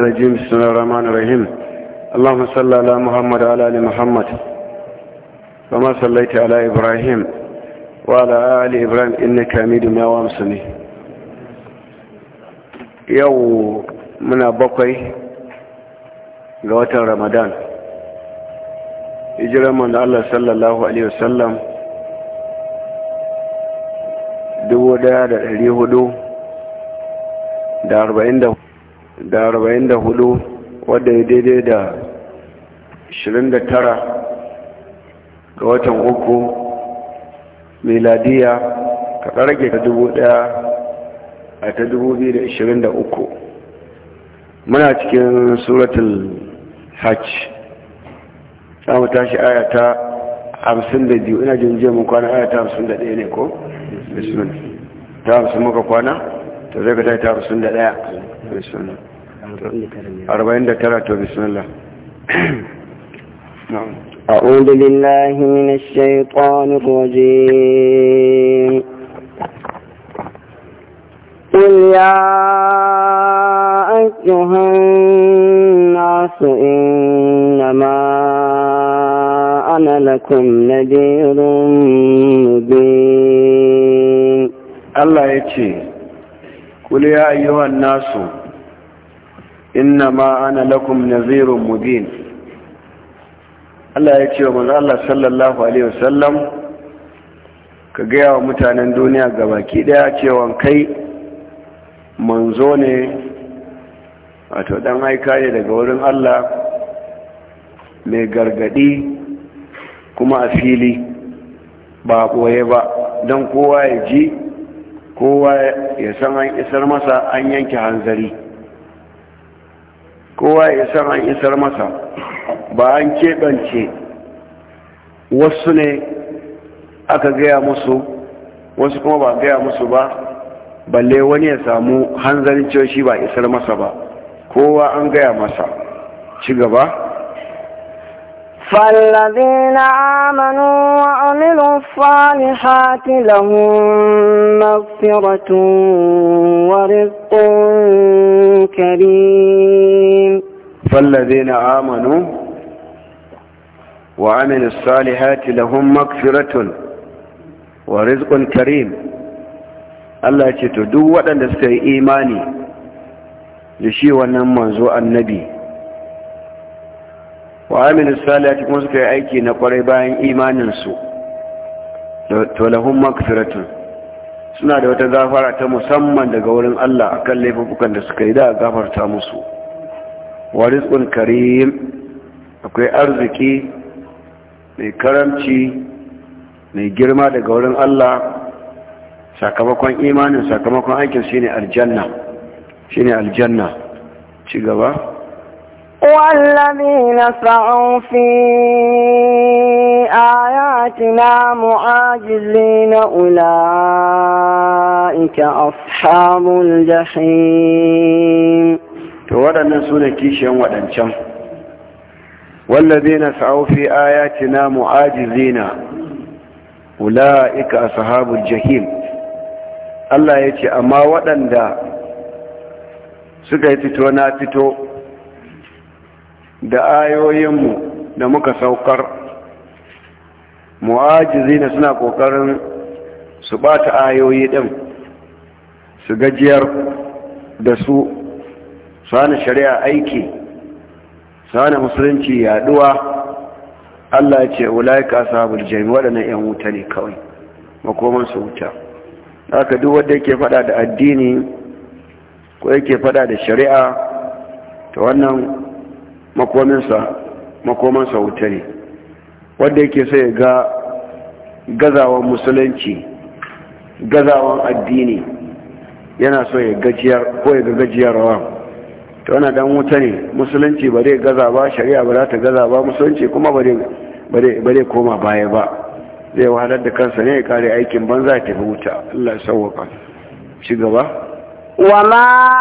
الرجيم بسم الله الرحمن الرحيم اللهم صل على محمد وعلى ال محمد كما صليت على ابراهيم وعلى ال ابراهيم انك حميد مجيد yau muna bakwai ga watan ramadan hijirar manzo Allah sallallahu alaihi wasallam 1400 da da arba'in da hudu wadda ya daidai da ashirin da tara ga watan uku miladiya ka rage ta dubu daya a ta dubu biyu da ashirin da uku muna cikin suratul hajj za mu tashi ayata hamsin da biyu ina jin jiya mun kwana aya hamsin da ɗaya ne ko? bismillah ta hamsin muka kwana ta zai ka ta hamsin da ɗaya bismillah أربعين دكرة بسم الله أعوذ بالله من الشيطان الرجيم قل يا أيها الناس إنما أنا لكم نذير مبين الله يتشي قل يا أيها الناس Inna ana lakum nazirun mubin Allah ya ce wa manzo Allah sallallahu alaihi wasallam ka gaya wa mutanen duniya gabaki daya cewa kai manzo ne wato dan aika ne daga wurin Allah mai gargadi kuma a fili ba koye ba don kowa ya ji kowa ya san an isar masa an yanke hanzari kowa ya san an isar masa ba an keɓance wasu ne aka gaya musu wasu kuma ba gaya musu ba balle wani ya samu hanzarin cewa ba isar masa ba kowa an gaya masa ci gaba فالذين آمنوا وعملوا الصالحات لهم مغفرة ورزق كريم فالذين آمنوا وعملوا الصالحات لهم مغفرة ورزق كريم الله ce to duk إيماني suka ونمو النبي wa aminu salati kuma suka yi aiki na kwarai bayan imaninsu to lahum magfiratun suna da wata gafara ta musamman daga wurin Allah akan laifukan da suka yi da gafarta musu wa rizqun karim akwai arziki mai karamci mai girma daga wurin Allah sakamakon imanin sakamakon aikin shine aljanna shine aljanna ci gaba والذين سعوا في آياتنا معاجزين أولئك أصحاب الجحيم waɗannan su ne waɗancan wallazi na sa'ofi ayatina mu'ajizina ula'ika ashabul jahim Allah ya ce amma waɗanda suka yi fito na fito da ayoyinmu da muka saukar mu'ajizi na suna kokarin su bata ayoyi din, su gajiyar da su su shari'a aiki su musulunci yaduwa Allah ce ulaika ashabul jami waɗannan 'yan wuta ne kawai makoman su wuta haka duk wanda yake faɗa da addini ko yake faɗa da shari'a ta wannan makominsa makomansa wuta ne wanda yake sai ga gazawan musulunci gazawan addini yana so ya gajiyar ko ya ga gajiyarwa to yana dan wuta ne musulunci ba zai gaza ba shari'a ba za ta gaza ba musulunci kuma ba zai koma baya ba zai wahalar da kansa ne ya kare aikin banza ta tafi wuta Allah ya sauwaka ci gaba wala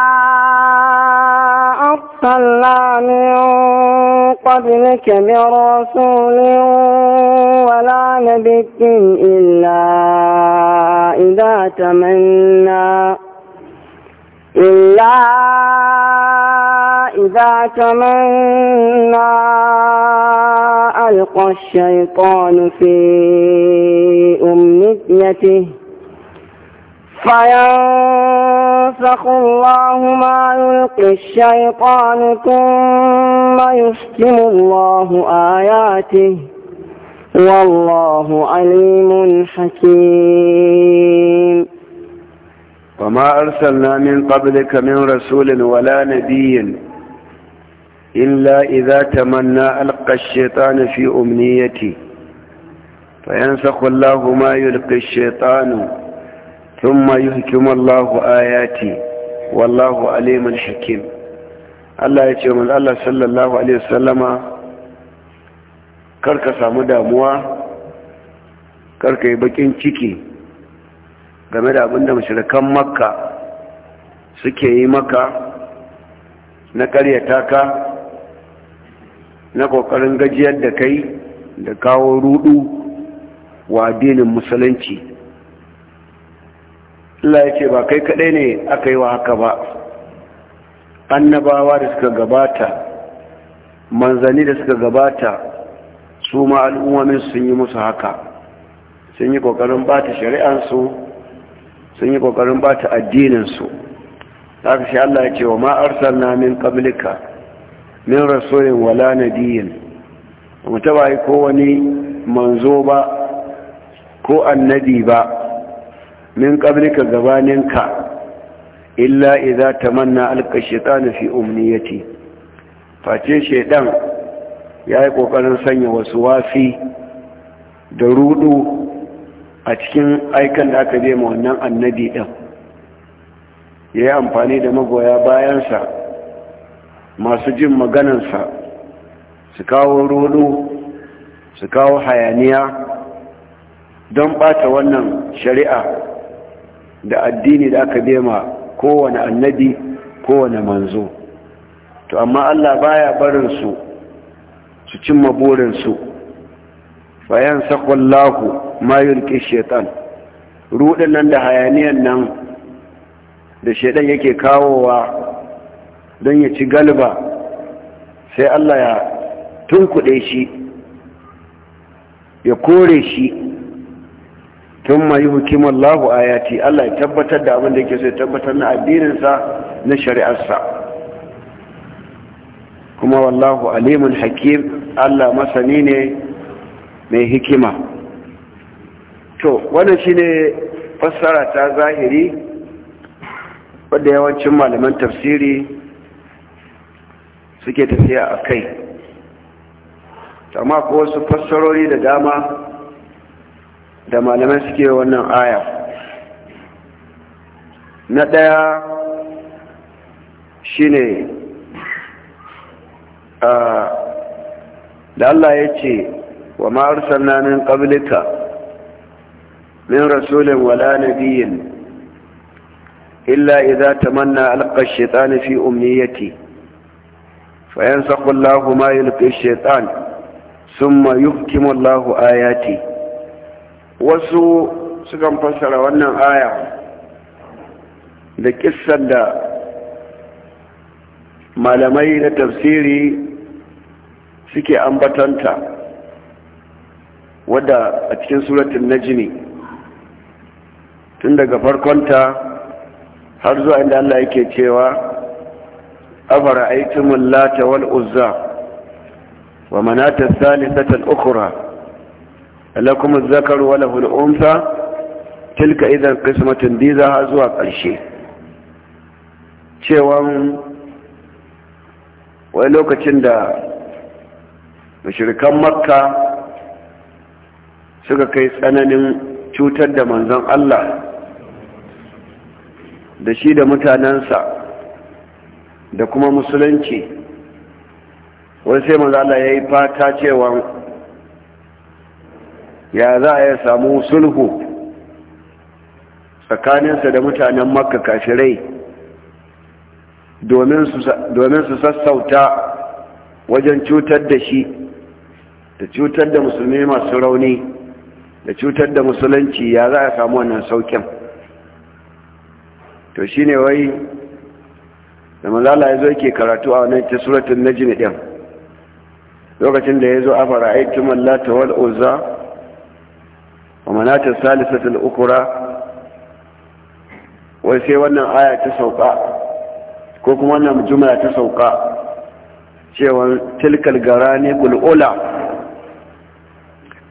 أرسلنا من قبلك من رسول ولا نبي إلا إذا تمنى إلا إذا تمنى ألقى الشيطان في أمنيته فينسخ الله ما يلقي الشيطان ثم يحكم الله آياته والله عليم حكيم وما أرسلنا من قبلك من رسول ولا نبي إلا إذا تمنى ألقى الشيطان في أمنيتي فينسخ الله ما يلقي الشيطان ثم يحكم الله آياتي والله عليم حكيم Allah ya ce mun Allah sallallahu alaihi wasallama karka samu damuwa karka yi bakin ciki game da abinda mashirikan makka suke yi maka na karyata ka na ƙoƙarin gajiyar da kai da kawo rudu wa addinin musulunci Allah ya ce ba kai kaɗai ne aka yi wa haka ba annabawa da suka gabata manzanni da suka gabata su ma al'ummomin sun yi musu haka sun yi ƙoƙarin ba ta shari'ansu sun yi ƙoƙarin ba ta addininsu haka shi Allah ya ce wa ma arsalna min qablika min rasoyin wala na diyin taba yi ko wani manzo ba ko annabi ba min gaba gabaninka illa idza tamanna alqa shaytanu fi umniyati face ya yayi ƙoƙarin sanya wasu wafi da rudu a cikin aikan da aka je wannan annabi Ya yayi amfani da magoya bayansa masu jin maganarsa su kawo rudu su kawo hayaniya don ɓata wannan shari'a da addini da aka bema kowane annabi kowane manzo to amma Allah baya barin su su cimma burin su bayan sakwallahu ma yulki shaitan rudin nan da hayaniyan nan da shaitan yake kawowa don ya ci galba sai Allah ya tunkuɗe shi ya kore shi Tun ma yi hukimar lahu ayati Allah ya tabbatar da abin da yake sai tabbatar na addininsa na shari'arsa kuma wallahu alimun hakim Allah masani ne mai hikima to wannan shine fassara ta zahiri wadda yawancin malaman tafsiri suke tafiya a kai amma ko wasu fassarori da dama da malamai suke wannan aya na ɗaya shine, ne da Allah ya ce wa ma'ar sannanin ƙablika min rasulin wala nabiyin illa idza tamanna alqa ash-shaytan fi umniyati fa yansakhu Allahu ma yulqi ash-shaytan thumma yuhkimu Allahu wasu sukan fassara wannan aya da kissan da malamai na tafsiri suke ambatanta wadda a cikin suratun najini tun daga farkonta har zuwa inda Allah yake cewa afara aitumun lata wal uzza wa manata salisatal ukura lakum az-zakaru wa lahu tilka idan qismatun diza ha zuwa ƙarshe cewan wani lokacin da mashirikan makka suka kai tsananin cutar da manzon Allah da shi da mutanensa da kuma musulunci wani sai manzon Allah ya yi fata cewa ya za a ya samu sulhu tsakaninsa da mutanen makka kashirai domin su sassauta wajen cutar da shi da cutar da musulmi masu rauni da cutar da musulunci ya za a samu wannan saukin to shi ne wai da mazala ya zo ke karatu a wannan ta suratun najmi ɗin lokacin da ya zo a aiki mallata wal'uzza ومنات الثالثة الأخرى wai sai wannan aya ta sauka ko kuma wannan jumla ta sauka cewa tilkal garani qulula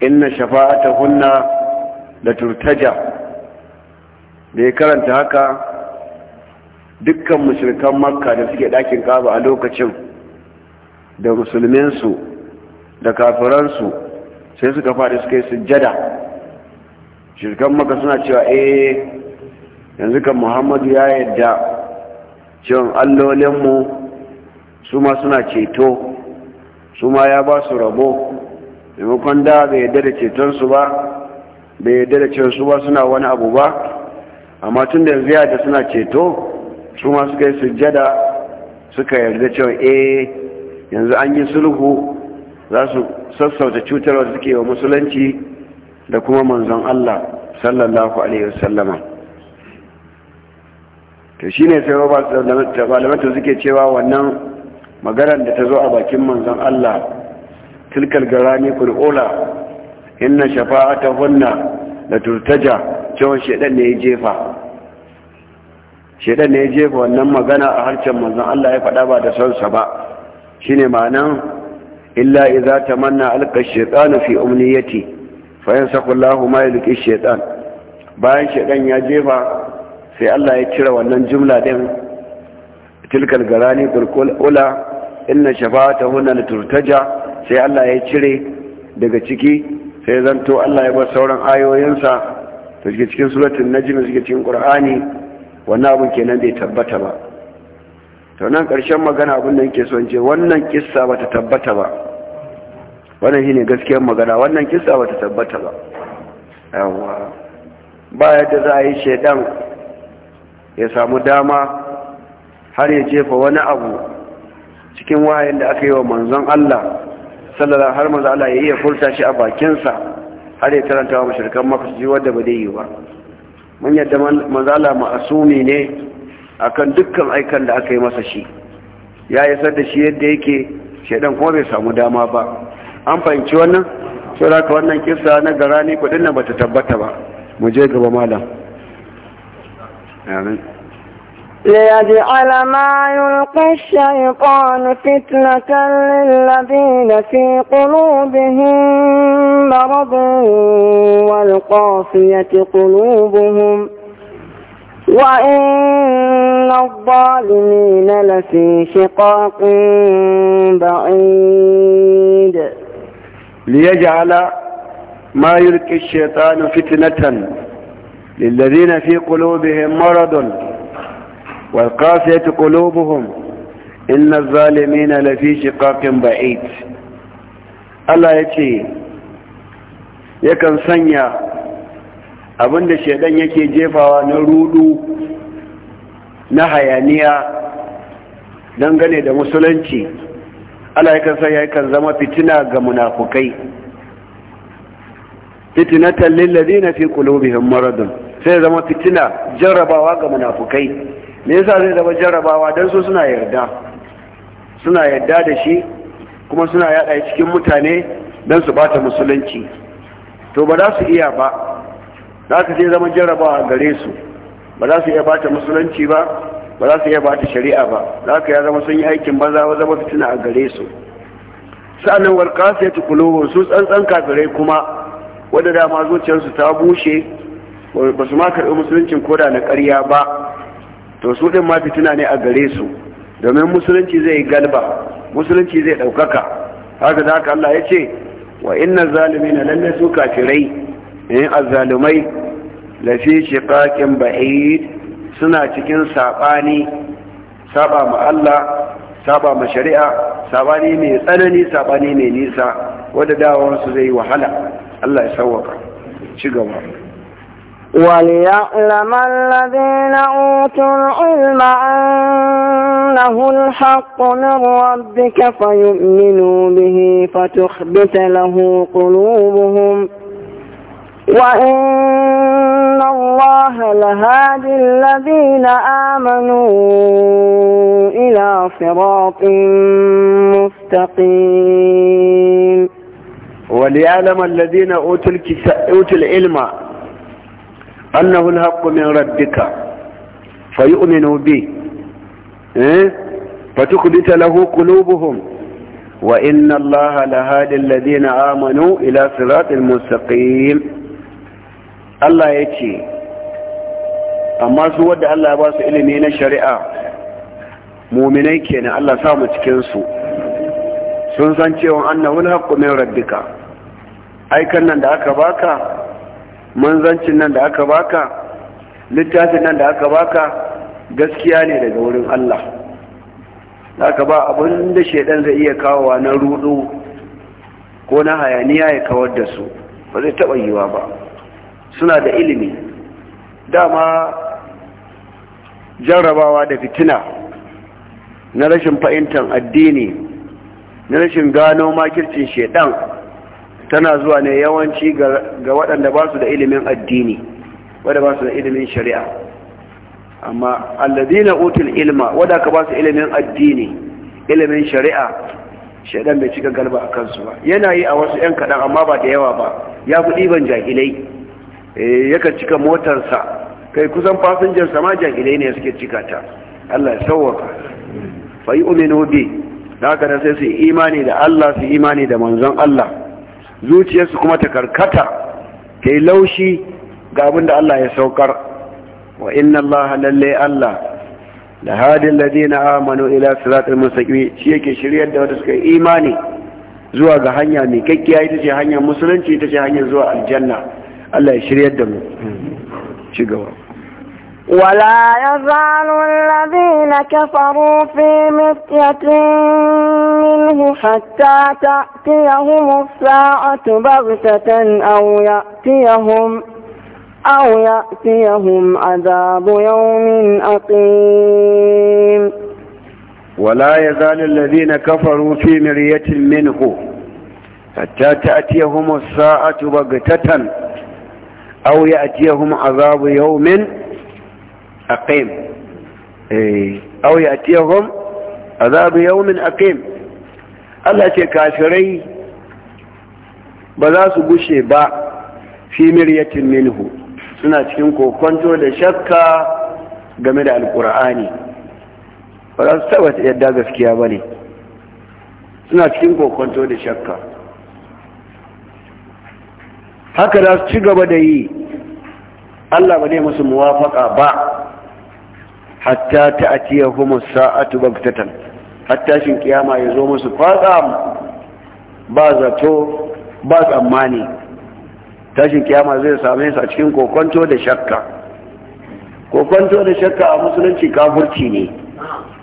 inna shafa'atahunna la turtaja da ya karanta haka dukkan mushrikan makka da suke dakin kaba a lokacin da musulminsu da kafiransu sai suka faɗi suka yi sujjada shirkan maka suna cewa eh yanzu kan muhammadu ya yadda cewa allolinmu su ma suna ceto su ma ya ba su rabo maimakon da bai yadda da cetonsu ba bai yadda da cewa su ba suna wani abu ba amma tun da yanzu yadda suna ceto su ma suka yi sujjada suka yarda cewa eh yanzu an yi sulhu za su sassauta cutar wa suke wa musulunci da kuma manzon Allah sallallahu alaihi wasallama to shine sai malamatu suke cewa wannan maganar da ta zo a bakin manzon Allah tilkal garani kul ula inna hunna, la turtaja cewa shedan ne ya jefa shedan ne ya jefa wannan magana a harcen manzon Allah ya faɗa ba da son sa ba shine ma'anan illa idza tamanna alqa shaytanu fi umniyati fayan sakullahu ma ya shaitan bayan shaitan ya jefa sai Allah ya cire wannan jumla din tilkal garani kulkul ula inna shafa'ata hunna turtaja sai Allah ya cire daga ciki sai zanto Allah ya bar sauran ayoyinsa to cikin suratul najm suke cikin qur'ani wannan abun kenan bai tabbata ba to nan ƙarshen magana abin da yake son ce wannan kissa bata tabbata ba wannan shine gaskiyar magana wannan kisa bata tabbata ba yawa ba yadda za a yi shaidan ya samu dama har ya jefa wani abu cikin wahayin da aka yi wa manzon Allah sallallahu har manzon Allah ya iya furta shi a bakinsa har ya karanta wa mashirkan maka wadda ba dai yi ba mun yadda manzon Allah ma'asumi ne akan dukkan aikan da aka yi masa shi ya isar da shi yadda yake shaidan kuma bai samu dama ba an fahimci wannan sau da wannan kisa na garani kudin nan bata tabbata ba mu je gaba malam ليجعل ما يلقي الشيطان فتنة للذين في قلوبهم مرض والقاسية قلوبهم وإن الظالمين لفي شقاق بعيد ليجعل ما يلقي الشيطان فتنة للذين في قلوبهم مرض والقاسية قلوبهم إن الظالمين لفي شقاق بعيد الله يتي يكن سنيا abin da shaidan yake jefawa na rudu na Allah kansa ya kan zama fitina ga munafukai fitinatan lil ladina fi qulubihim maradun sai zama fitina jarrabawa ga munafukai me yasa zai zama jarrabawa dan su suna yarda suna yarda da shi kuma suna yada cikin mutane dan su bata musulunci to ba za su iya ba za ka sai zama jarrabawa gare su ba za su iya bata musulunci ba ba za su iya bata shari'a ba za ka ya zama sun yi aikin maza wa zama fitina a gare su sa'annan wal qasiyatu qulubuhum su tsantsan kafirai kuma Wadda dama zuciyarsu ta bushe ba su ma karɓi musuluncin koda na ƙarya ba to su ɗin ma fitina ne a gare su domin musulunci zai galba musulunci zai ɗaukaka haka za ka Allah ya ce wa inna zalimi na lallai su kafirai in azzalumai lafi shiqaqin ba'id suna cikin saɓani saba ma Allah saba ma shari'a saɓani mai tsanani saɓani mai nisa wadda dawansu zai wahala Allah ya sauwaka ci gaba وليعلم الذين أوتوا العلم أنه الحق من ربك فيؤمنوا به فتخبت له قلوبهم وإن الله لهادي الذين آمنوا إلى صراط مستقيم وليعلم الذين أوتوا, أوتوا العلم أنه الحق من ربك فيؤمنوا به إيه؟ فتخبت له قلوبهم وإن الله لهادي الذين آمنوا إلى صراط المستقيم Allah ya ce amma su wadda Allah ya ba su ilimi na shari'a muminai kenan Allah samu cikinsu sun san cewa annahul haqqu min rabbika aikan nan da aka baka manzancin nan da aka baka littafin nan da aka baka gaskiya ne daga wurin Allah aka ba abin da shaidan zai iya kawowa na rudu ko na hayaniya ya kawar da su ba zai taɓa yiwa ba suna da ilimi dama jarrabawa da fitina na rashin fahimtar addini na rashin gano makircin shedan tana zuwa ne yawanci ga waɗanda ba su da ilimin addini wadda ba su da ilimin shari'a amma alladina utul ilma wadda ka ba su ilimin addini ilimin shari'a shedan bai cika galba a kansu ba yana yi a wasu 'yan kaɗan amma ba da yawa ba ya fi ɗiban jahilai Eh, yakan cika motarsa kai kusan fasinjan sama jahilai ne suke cika ta Allah ya sauwaka fa yi uminu bi da haka sai su imani da Allah su imani da manzon Allah zuciyarsu kuma ta karkata ta laushi ga abin da Allah ya saukar wa inna Allah lalle Allah da hadin ladina amanu ila siratul mustaqim shi yake shiryar da wanda suka imani zuwa ga hanya mai kakkiya ita ce hanyar musulunci ita ce hanyar zuwa aljanna الله يشري shiryar da ولا يزال الذين كفروا في مطية منه حتى تأتيهم الساعة بغتة أو يأتيهم أو يأتيهم عذاب يوم أقيم ولا يزال الذين كفروا في مرية منه حتى تأتيهم الساعة بغتة aw ya'tiyahum azabu yawmin aqim eh aw ya'tiyahum Allah ce kafirai ba za su gushe ba fi miryatin minhu suna cikin kokonto da shakka game da alkur'ani ba za su taba yadda gaskiya ba ne suna cikin kokonto da shakka haka za su ci gaba da yi Allah ba zai musu muwafaka ba hatta ta'tiyahum kuma saatu baghtatan hatta shin kiyama ya zo musu kwatsa ba zato ba tsammani tashin kiyama zai same su a cikin kokonto da shakka kokonto da shakka a musulunci kafurci ne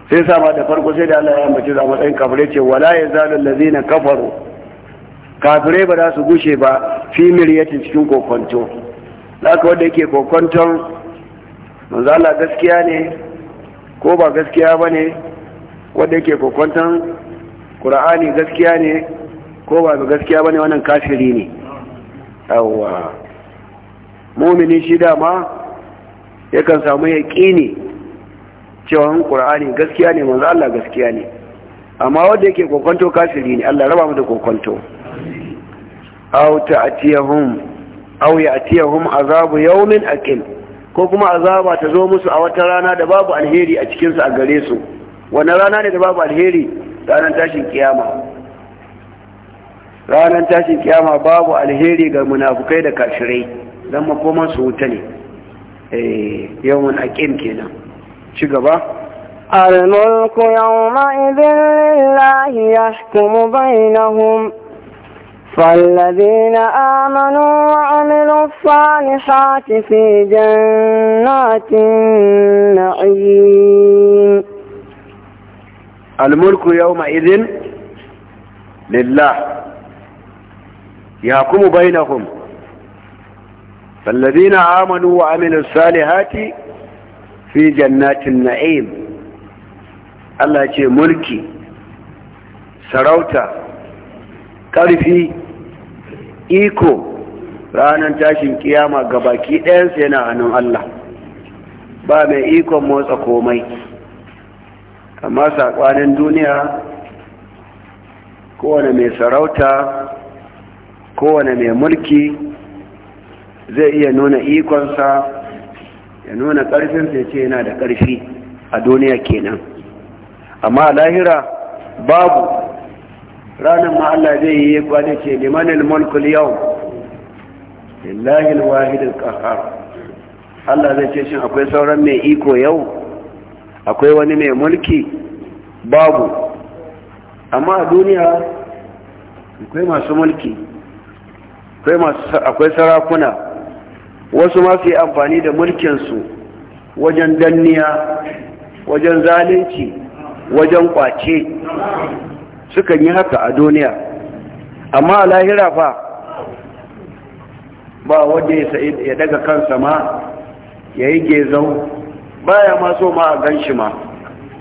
sai sama da farko sai da Allah ya ambace su a matsayin kafirai ce wala ya yazalu allazina kafaru kafirai ba za su gushe ba fi miryatin cikin kokonto haka wanda yake kokonton manzala gaskiya ne ko ba gaskiya ba ne wanda yake kokonton ƙura'ani gaskiya ne ko ba gaskiya ba ne wannan kafiri ne yawwa mumini shi dama yakan samu ya ne cewa ƙura'ani gaskiya ne manzala gaskiya ne amma wanda yake kokonto kafiri ne Allah raba mu da kokonto ciyar hun aw ya'tiyahum azabu yawmin akil ko kuma azaba ta zo musu a wata rana da babu alheri a cikin su a gare su wani rana ne da babu alheri ranar tashin kiyama ranar tashin kiyama babu alheri ga munafukai da kashirai dan makoman su wuta ne eh yawmin kenan ci gaba yawma يومئذ lillahi yahkumu bainahum فالذين آمنوا وعملوا الصالحات في جنات النعيم الملك يومئذ لله يحكم بينهم فالذين آمنوا وعملوا الصالحات في جنات النعيم الله يجي ملكي سراوتا ƙarfi iko ranar tashin kiyama ga baki ɗayansu yana hannun Allah ba mai ikon motsa komai amma saƙonin duniya kowane mai sarauta kowane mai mulki zai iya nuna ikonsa ya nuna ƙarfinsa ya ce yana da ƙarfi a duniya kenan amma lahira babu ranar ma Allah zai yi ba da ce limanin mulkul yau lillahi wahidul qahhar Allah zai ce shin akwai sauran mai iko yau akwai wani mai mulki babu amma a duniya akwai masu mulki akwai sarakuna wasu ma su yi amfani da mulkinsu wajen danniya wajen zalunci wajen kwace sukan yi haka a duniya amma a lahira fa ba wanda ya daga kansa ma ya yi ba ya ma so ma a gan shi ma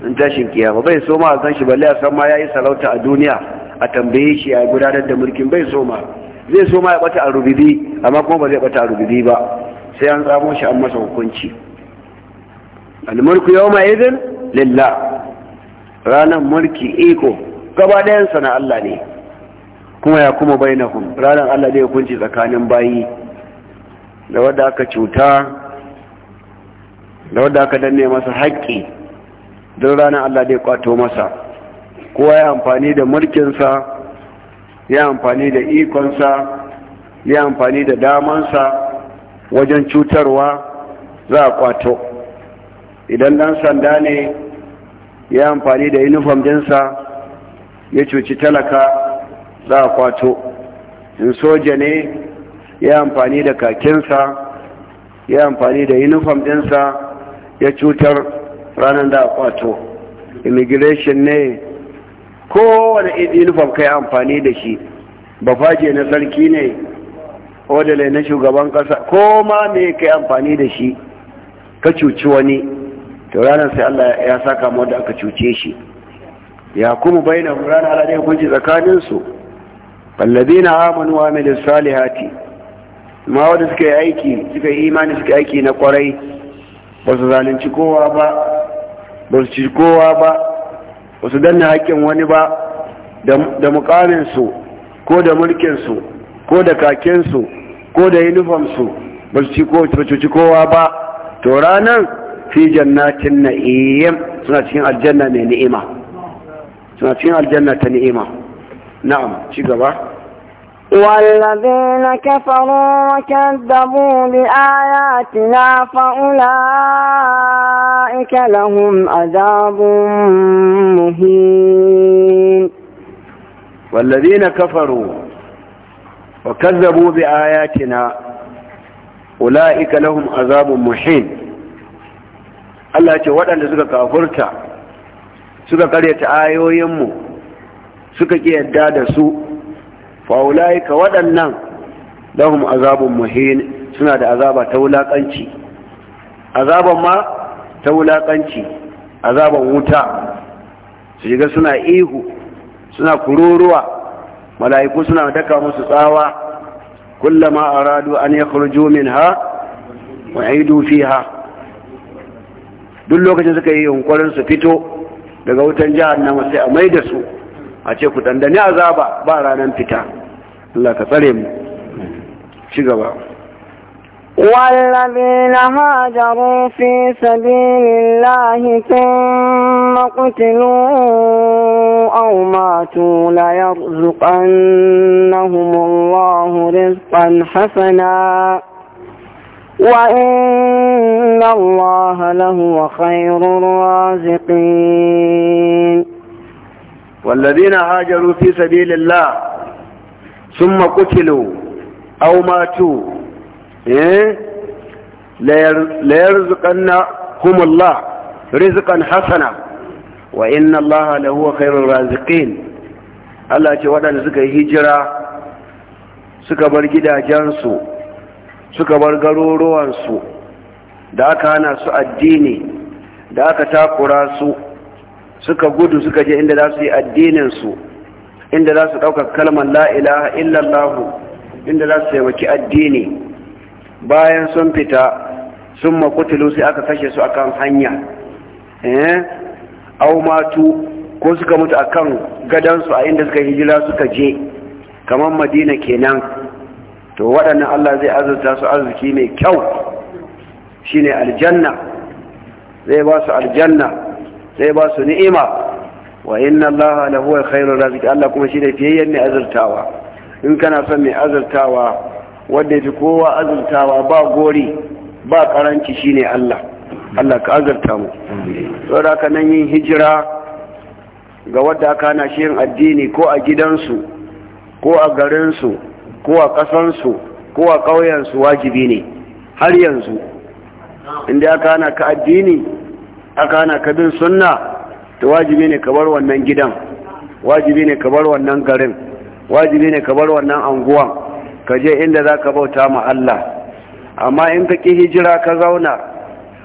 in tashin kiyama bai so ma a gan shi balle a san ma ya yi sarauta a duniya a tambaye shi ya gudanar da mulkin bai so ma zai so ma ya bata a rubibi amma kuma ba zai bata a rubibi ba sai an tsamo shi an masa hukunci al-mulku yawma idin lillah ranar mulki iko gaba ɗayansa na Allah ne kuma ya kuma bai na hun ranar Allah zai hukunci tsakanin bayi da wadda aka cuta da wadda aka danne masa haƙƙi don ranar Allah zai kwato masa kowa ya amfani da mulkinsa ya amfani da ikonsa ya amfani da damansa wajen cutarwa za a kwato idan ɗan sanda ne ya amfani da inifom dinsa ya cuci talaka za a kwato in soja ne ya amfani da kakinsa ya amfani da uniform ɗinsa ya cutar ranar da a kwato immigration ne kowane uniform ka yi amfani da shi bafaje na sarki ne odale na shugaban kasa, ko ma me ka yi amfani da shi ka cuci wani to ranar sai allah ya saka mu da aka cuce shi ya kuma bayyana ranar ala da su tsakaninsu na amanu wa amilu salihati ma wanda suka yi aiki suka yi imani suka yi aiki na kwarai ba su zalunci kowa ba ba su ci kowa ba ba su danna haƙƙin wani ba da su ko da su ko da kakensu ko da yunifomsu ba su ci kowa ba to ranan fi jannatin na'im suna cikin aljanna mai ni'ima suna cikin aljanna ta ni'ima na'am ci gaba والذين كفروا وكذبوا بآياتنا فأولئك لهم عذاب مهين والذين كفروا وكذبوا بآياتنا أولئك لهم عذاب مهين الله يقول أن ذلك كفرت suka karyata ayoyinmu suka ƙi yadda da su ka waɗannan lahum azabun muhin suna da azaba ta wulaƙanci azaban ma ta wulaƙanci azaban wuta su shiga suna ihu suna kururuwa mala'iku suna daka musu tsawa kullama aradu an yakhruju minha wa aidu fiha duk lokacin suka yi yunkurin su fito daga wutan nama sai a mai da su a ce ku dandani azaba ba ranar fita Allah ka tsare mu ci gaba والذين هاجروا في سبيل الله ثم قتلوا أو ماتوا ليرزقنهم الله رزقا حسنا وإن الله لهو خير الرازقين والذين هاجروا في سبيل الله ثم قتلوا أو ماتوا إيه؟ ليرزقنهم الله رزقا حسنا وإن الله لهو خير الرازقين Allah ce waɗanda suka yi hijira suka bar gidajensu suka bar garuruwansu da aka hana su addini da aka takura su suka gudu suka je inda za su yi addininsu inda za su ɗaukar kalmar la'ilaha illallahu inda za su taimaki addini bayan sun fita sun makutulu sai aka kashe su akan hanya eh au matu ko suka mutu akan gadansu a inda suka hijira suka je kamar madina kenan to waɗannan Allah zai azurta su arziki mai kyau shine aljanna zai ba su aljanna zai ba su ni'ima wa inna Allah la huwa khairur raziki Allah kuma shi ne fiyayyen mai azurtawa in kana son mai azurtawa wanda yafi kowa azurtawa ba gori ba karanci shine Allah Allah ka azurta mu saboda haka nan yin hijira ga wadda aka hana shi yin addini ko a gidansu ko a garinsu ko a ƙasansu ko a ƙauyensu wajibi ne har yanzu inda aka hana ka addini aka hana ka bin sunna to wajibi ne ka bar wannan gidan wajibi ne ka bar wannan garin wajibi ne ka bar wannan anguwan ka je inda za ka bauta ma Allah amma in ka ƙi hijira ka zauna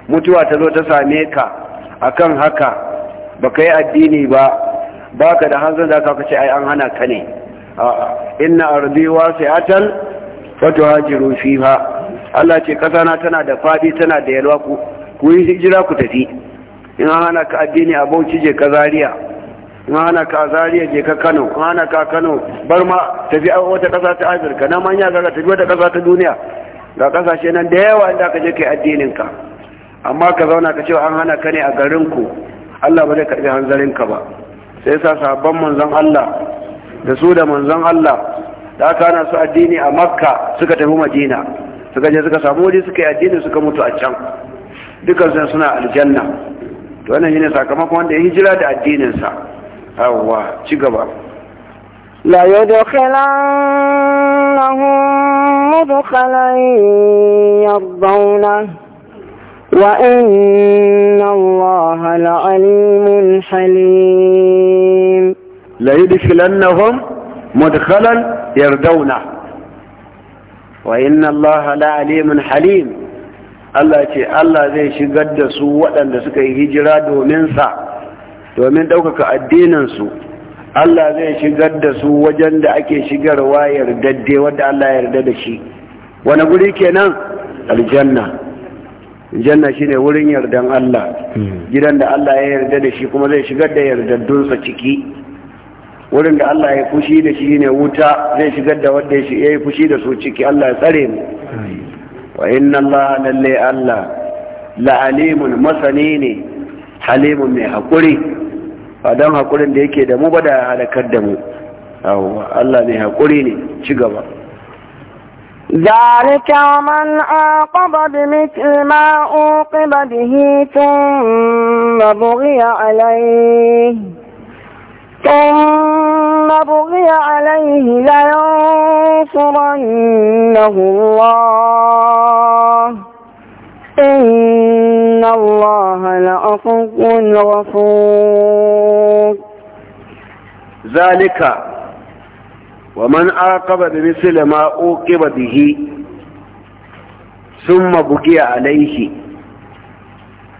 mutuwa ta zo ta same ka akan haka baka yi addini ba baka da hanzar da aka ce ai an hana ka ne inna ardi wasi'atan fatuhajiru fiha Allah ce kasa na tana da fadi tana da yalwa ku ku yi hijira ku tafi in hana ka addini a Bauchi je ka Zaria in hana ka Zaria je ka Kano in hana ka Kano bar ma tafi wata kasa ta Afirka na manya ga tafi wata kasa ta duniya ga kasashe nan da yawa inda ka je kai addinin ka amma ka zauna ka ce an hana ka ne a garin ku Allah ba zai karbi hanzarin ka ba sai sa sabon manzon Allah da su da manzon Allah da aka hana su addini a makka suka tafi madina suka je suka samu wuri suka yi addini suka mutu a can dukansu suna aljanna to wannan shine sakamakon wanda ya hijira da addininsa yawwa ci gaba la yadkhulannahum mudkhalan yardawna wa inna allaha la'alimun la yudkhilannahum mudkhalan yardawna wa inna Allah la halim Allah ce Allah zai shigar da su waɗanda suka yi hijira domin sa domin ɗaukaka addinin su Allah zai shigar da su wajen da ake shigarwa yardadde wanda Allah yarda da shi wani guri kenan aljanna Janna shine wurin yardan Allah gidan da Allah ya yarda da shi kuma zai shigar da yardaddunsa ciki wurin da Allah ya fushi da shi ne wuta zai shigar da wanda ya yi fushi da su ciki Allah ya tsare mu wa inna Allah lalle Allah alimun masani ne halimun mai hakuri ba don hakurin da yake da mu ba da halakar da mu Allah mai hakuri ne ci gaba ذلك ومن عاقب بمثل ما عوقب به ثم بغي عليه ثم بغي عليه لينصرنه الله إن الله لعفو غفور ذلك ومن عاقب بمثل ما أوقب به ثم بقي عليه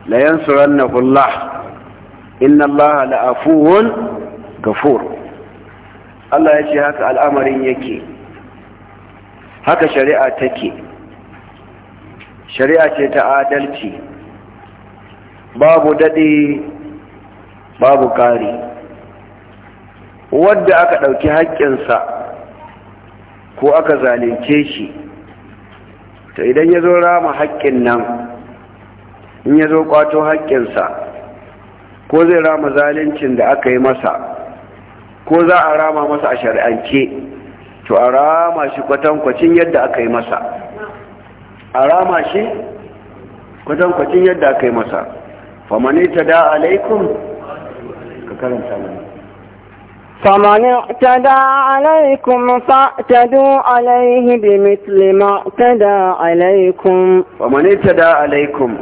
لينصرنه الله إن الله لعفو غفور Allah ya ce haka al'amarin yake haka shari'a take shari'a ce ta adalci babu dade babu ƙari wadda aka ɗauki haƙƙinsa ko aka zalince shi to idan ya zo rama haƙƙin nan in ya zo ƙwato haƙƙinsa ko zai rama zaluncin da aka yi masa ko za a rama masa a shari'ance to a rama shi kwatankwacin yadda aka yi masa a rama shi kwatankwacin yadda aka yi masa famani ta da alaikun ka karanta mana فمن اعتدى عليكم فاعتدوا عليه بمثل ما اعتدى عليكم فمن اعتدى عليكم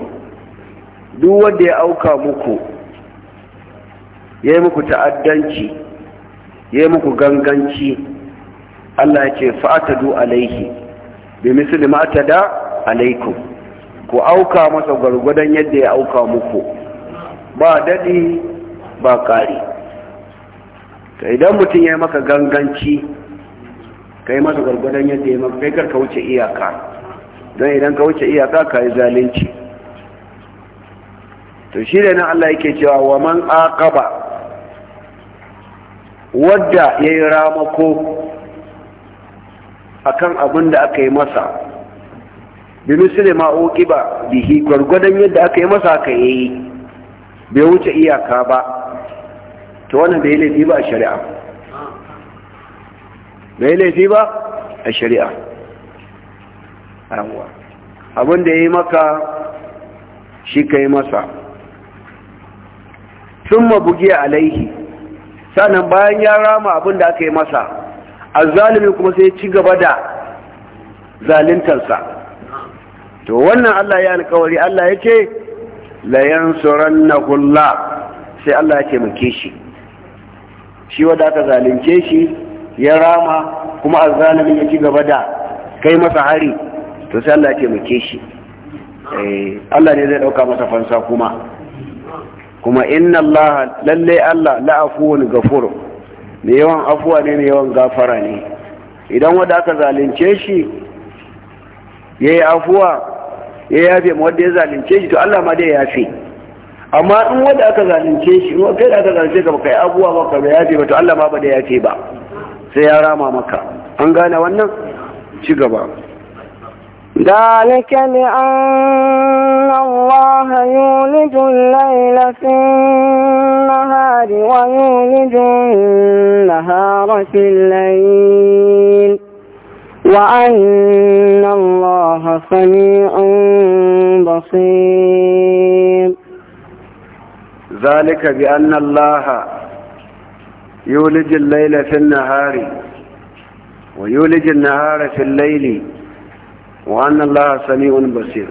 duk wanda ya auka muku ya yi muku ta'addanci ya yi muku ganganci Allah ya ce fa'atadu alaihi bi misali ma da alaikum ku auka masa gwargwadon yadda ya auka muku ba dadi ba kari idan mutum ya yi maka ganganci ka yi masa gwargwadon yadda ya maka kai ka wuce iyaka don idan ka wuce iyaka ka yi zalunci to shi da nan Allah yake cewa wa man aqaba wadda ya yi ramako a kan abin da aka yi masa bi misali ma'oƙi ba bihi gwargwadon yadda aka yi masa aka yi bai wuce iyaka ba ta wannan bai laifi ba a shari'a bai laifi ba a shari'a abin da ya yi maka shi ka yi masa sun mabugiya alaihi sannan bayan ya rama abin da aka yi masa azzalimi kuma sai ci gaba da zalintarsa to wannan Allah ya alkawari Allah ya ce layan la na hula sai Allah ya taimake shi shi wadda aka zalunce shi ya rama kuma azzalimin ya ci gaba da kai masa hari to sai Allah ya taimake shi eh, Allah ne zai ɗauka masa fansa kuma kuma inna Allah lalle Allah la'afuwun gafur mai yawan afuwa ne mai yawan gafara ne idan wanda aka zalunce shi ya yi afuwa ya yafe ma wanda ya zalunce shi to Allah ma dai yafe amma in wanda aka zalunce shi in kai da aka zalunce ka kai abuwa ba ka bai yafe ba to Allah ma ba da yafe ba sai ya rama maka an gane wannan ci gaba ذلك لأن الله يولج الليل في النهار ويولج النهار في الليل وأن الله سميع بصير ذلك بأن الله يولج الليل في النهار ويولج النهار في الليل وأن الله سميع بصير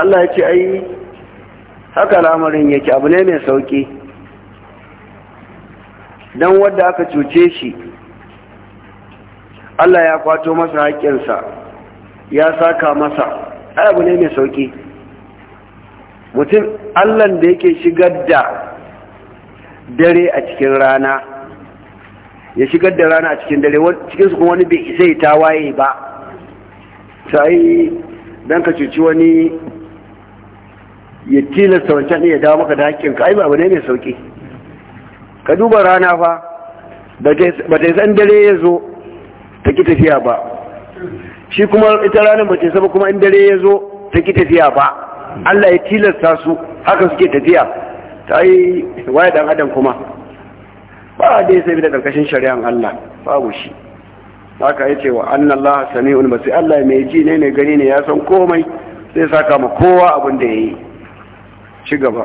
Allah ya ce ai haka al'amarin yake abu ne mai sauki don wadda aka cuce shi Allah ya kwato masa haƙƙinsa ya saka masa ai abu ne mai sauki mutum allan da yake shigar da dare a cikin rana ya shigar da rana a cikin dare cikinsu kuma wani bai isa ta waye ba sai dan ka cuci wani ya tilasta wancan ya dawo maka da hakkin ka ai ba ne mai sauki ka duba rana fa ba ta san dare ya zo ta ki tafiya ba shi kuma ita ranar ba ta saba kuma in dare ya zo ta ki tafiya ba Allah ya tilasta su haka suke tafiya ta yi waye dan adam kuma ba da ya sai da karkashin shari'an Allah babu shi haka ya ce wa annallaha sami'ul basir Allah mai ji ne mai gani ne ya san komai sai saka ma kowa abin da yayi ci gaba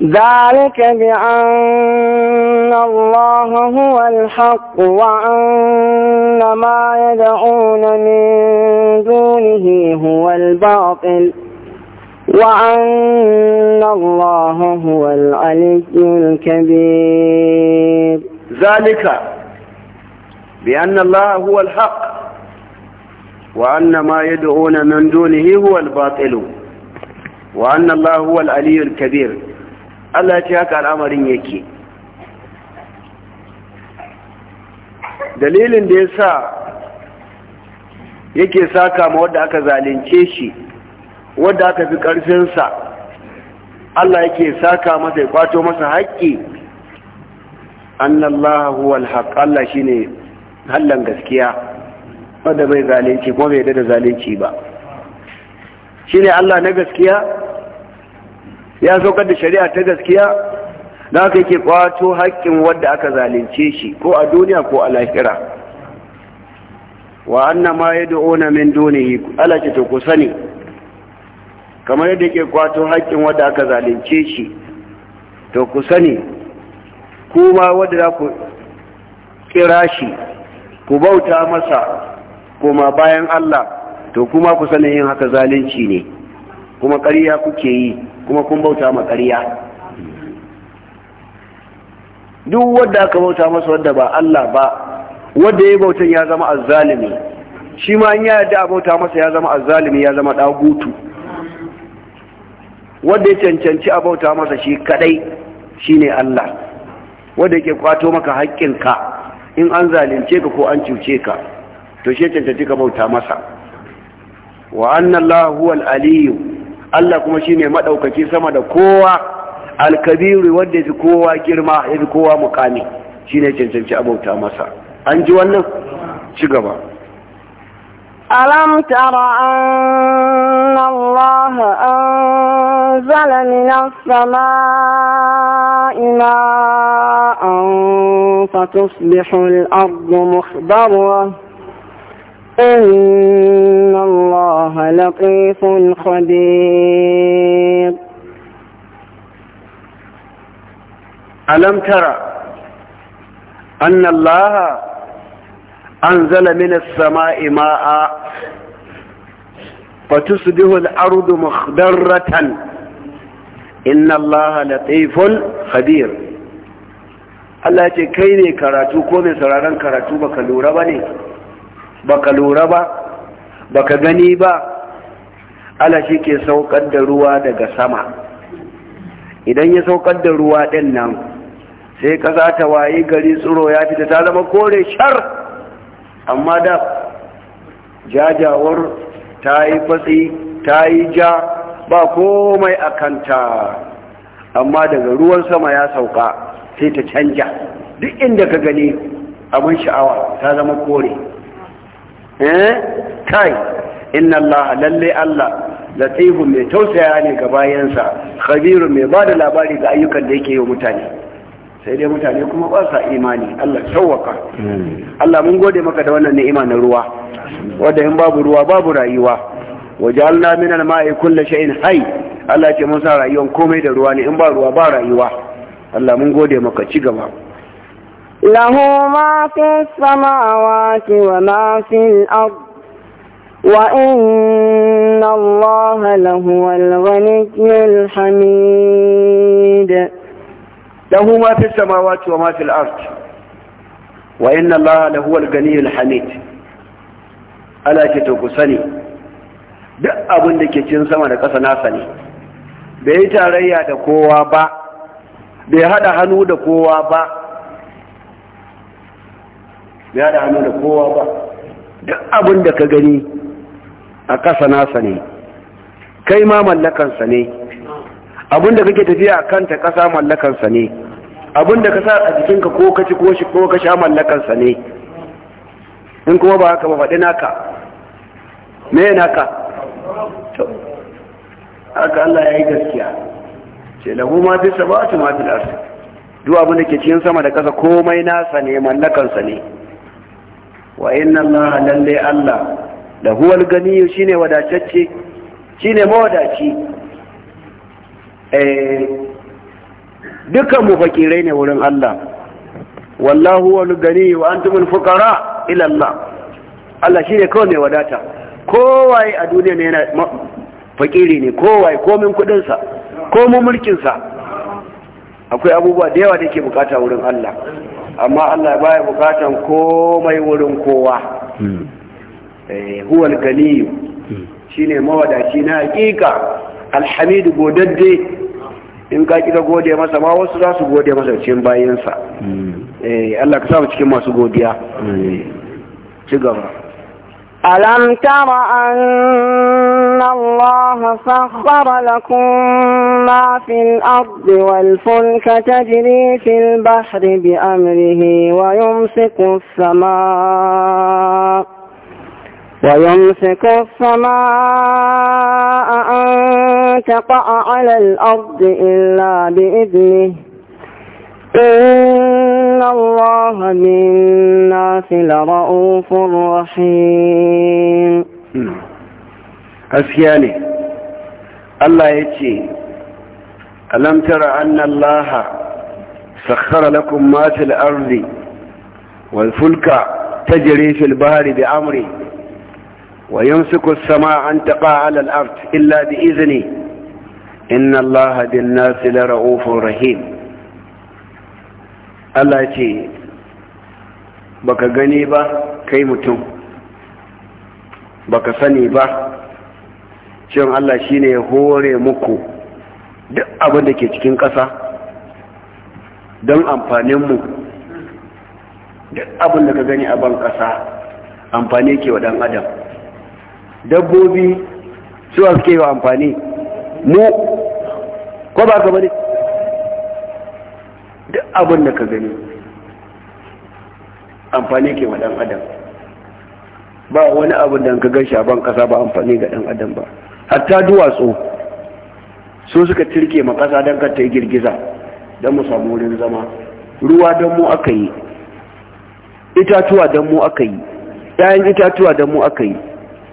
zalika bi annallahu huwa alhaq wa anna ma yad'una min dunihi huwa albatil وأن الله هو العلي الكبير ذلك بأن الله هو الحق وأن ما يدعون من دونه هو الباطل وأن الله هو العلي الكبير الله تياك الأمر يكي dalilin da ya sa yake saka ma wadda aka zalunce shi wadda aka fi ƙarfinsa Allah yake saka masa ya kwato masa haƙƙi annallahu huwal Allah shine hallan gaskiya wanda bai zalunci ko bai da zalunci ba Shi ne Allah na gaskiya ya saukar da shari'a ta gaskiya da aka yake kwato haƙƙin wanda aka zalunce shi ko a duniya ko a lahira wa annan ma ya dauna min dunihi Allah ce to ku sani kamar yadda ke kwato haƙƙin wanda aka zalunce shi to ku sani kuma wanda za ku kira shi ku bauta masa koma bayan Allah to kuma ku sanin yin haka zalunci ne kuma ƙarya kuke yi kuma kun bauta ma ƙarya duk wanda aka bauta masa wanda ba Allah ba wanda ya bautan ya zama azzalimi shi ma in ya yarda a bauta masa ya zama azzalimi ya zama dagutu wanda ya cancanci a bauta masa shi kadai shine Allah wanda yake kwato maka haƙƙinka in an zalunce ka ko an cuce ka to shi cancanci ka bauta masa wa annan lahuwal aliyu Allah kuma shi ne maɗaukaki sama da kowa alkabiru wanda ya kowa girma ya fi kowa mukami shi ne cancanci a bauta masa an ji wannan ci gaba ألم تر أن الله أنزل من ماء فتصبح الأرض مخضرة إن الله لطيف خبير ألم ترى أن الله أنزل من السماء ماء فتصبح الأرض مخضرة inna allaha latiful khabir Allah ce kai ne karatu ko mai sauraron karatu baka lura ba ne baka lura ba baka gani ba Allah shi ke saukar da ruwa daga sama idan ya saukar da ruwa din nan sai ƙasa ta wayi gari tsiro ya fita ta zama kore shar amma da jajawar ta yi fatsi ta yi ja ba komai a kanta amma daga ruwan sama ya sauka sai ta canja duk inda ka gani abin sha'awa ta zama kore eh kai inna allaha lalle allah latifu mai tausaya ne ga bayansa khabiru mai ba da labari ga ayyukan da yake yi wa mutane sai dai mutane kuma ba sa imani Allah sauwaka Allah mun gode maka da wannan ni'ima na ruwa wanda in babu ruwa babu rayuwa wajalna min al-ma'i kulli shay'in hayy Allah ce mun sa rayuwar komai da ruwa ne in ba ruwa ba rayuwa Allah mun gode maka ci gaba lahu ma fi samawati wa ma fi al-ard wa inna Allah lahu al-ghaniyyul hamid lahu ma fi samawati wa ma fi al-ard wa inna Allah lahu al-ghaniyyul hamid Allah ce to ku sani duk abin da ke cin sama da ƙasa nasa ne bai yi tarayya da kowa ba bai haɗa hannu da kowa ba bai haɗa hannu da kowa ba duk abin da ka gani a ƙasa nasa ne kai ma mallakansa ne abin da kake tafiya a kanta ƙasa mallakansa ne abin da ka sa a jikinka ko ka ci ko shi ko ka sha mallakansa ne in kuma ba haka ba faɗi naka me naka haka Allah ya yi gaskiya ce lahu ma fi sabatu ma fi ardi duwa abin da ke cikin sama da ƙasa komai nasa ne mallakansa ne wa inna Allah lalle Allah da huwal gani shine wadatacce shine mawadaci eh dukan mu fakirai ne wurin Allah wallahu wal gani wa antumul fuqara ila Allah Allah shine kawai mai wadata kowaye a duniya ne yana fakiri ne kowai komin kudinsa komin mulkinsa akwai abubuwa da yawa da ke bukata wurin Allah amma Allah baya bukatan komai wurin kowa hmm. eh, huwal ganiyu hmm. shine mawadaci na hakika alhamidu godadde in ka kira gode masa ma wasu za su gode masa cikin bayansa hmm. eh, Allah ka sa mu cikin masu godiya eh, ci gaba ألم تر أن الله سخر لكم ما في الأرض والفلك تجري في البحر بأمره ويمسك السماء ويمسك السماء أن تقع على الأرض إلا بإذنه إن الله بالناس الناس لرؤوف رحيم أسياني الله يتي ألم تر أن الله سخر لكم ما في الأرض والفلك تجري في البحر بأمري ويمسك السماء أن تقع على الأرض إلا بإذني إن الله بالناس لرؤوف رحيم Allah ce ce baka gani ba kai mutum baka sani ba cin Allah shine ya hore muku duk abin da ke cikin ƙasa don amfaninmu duk abin da ka gani a ban ƙasa amfani ke wa ɗan adam dabbobi suwa suke yi wa amfani mu ko ba ka bane abin da ka gani amfani ke wa dan adam ba wani abin da ka gan ban kasa ba amfani ga dan adam ba hatta duwatsu su suka turke ma kasa don ka ta yi girgiza don mu samu wurin zama ruwa don mu aka yi itatuwa don mu aka yi ɗayan itatuwa don mu aka yi